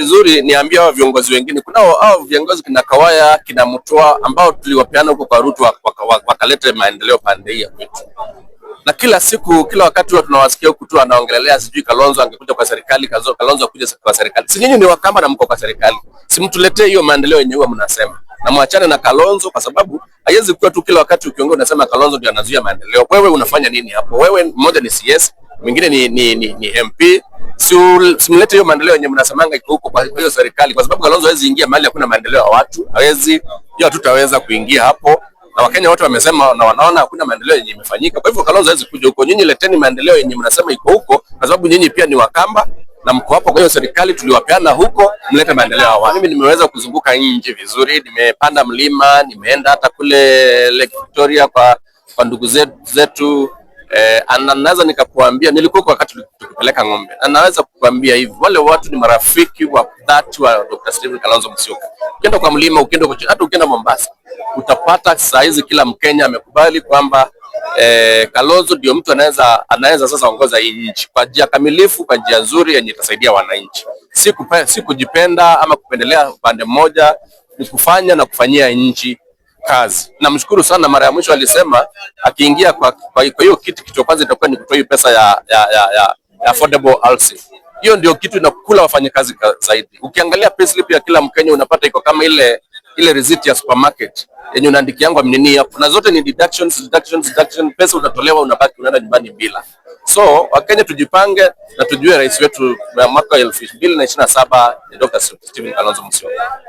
vizuri niambia hao viongozi wengine. Kuna hao viongozi kina Kawaya, kina Mutua ambao tuliwapeana huko kwa Ruto wakalete maendeleo pande hii ya kwetu. Na kila siku kila wakati wa tunawasikia huku tu anaongelelea sijui Kalonzo angekuja kwa serikali, kazo, Kalonzo akuja kwa serikali. Si nyinyi ni wakamba na mko kwa serikali. Simtuletee hiyo maendeleo yenye huwa mnasema. Na mwachane na Kalonzo kwa sababu haiwezi kuwa tu kila wakati ukiongea unasema Kalonzo ndio anazuia maendeleo. Wewe unafanya nini hapo? Wewe mmoja ni CS, mwingine ni, ni, ni, ni MP, simlete hiyo maendeleo yenye mnasemanga iko huko kwa hiyo serikali, kwa sababu Kalonzo hawezi ingia mahali hakuna maendeleo ya watu, hawezi hiyo, hatutaweza kuingia hapo, na Wakenya wote wamesema na wanaona hakuna maendeleo yenye imefanyika. Kwa hivyo Kalonzo hawezi kuja huko. Nyinyi leteni maendeleo yenye mnasema iko huko, kwa sababu nyinyi pia ni Wakamba na mko hapo. Kwa hiyo serikali tuliwapeana huko, mlete maendeleo hapo. Mimi nimeweza kuzunguka nje vizuri, nimepanda mlima, nimeenda hata kule Lake Victoria kwa, kwa ndugu zetu, zetu eh, naweza nikakuambia nilikuwa kwa wakati tukipeleka ng'ombe, na naweza kukuambia hivi wale watu ni marafiki wa dhati wa Dr. Steven Kalonzo Musyoka. Ukienda kwa mlima, ukienda kwa hata ukienda Mombasa, utapata saa hizi kila Mkenya amekubali kwamba eh, Kalonzo ndio mtu anaweza anaweza sasa ongoza hii nchi kwa njia kamilifu, kwa njia nzuri yenye itasaidia wananchi, si kujipenda ama kupendelea upande mmoja, ni kufanya na kufanyia nchi kazi. Namshukuru sana, mara ya mwisho alisema akiingia kwa kwa, hiyo kitu, kitu kwanza itakuwa ni kutoa hiyo pesa ya, ya, ya, ya, ya affordable housing. Hiyo ndio kitu inakula wafanyakazi zaidi. Ukiangalia payslip ya kila Mkenya unapata iko kama ile ile receipt ya supermarket yenye unaandikia yangu mnini hapo, na zote ni deductions, deductions, deduction. Pesa unatolewa unabaki unaenda nyumbani bila. So Wakenya tujipange na tujue rais wetu mwaka elfu mbili na ishirini na saba Dr. Stephen Kalonzo Musyoka.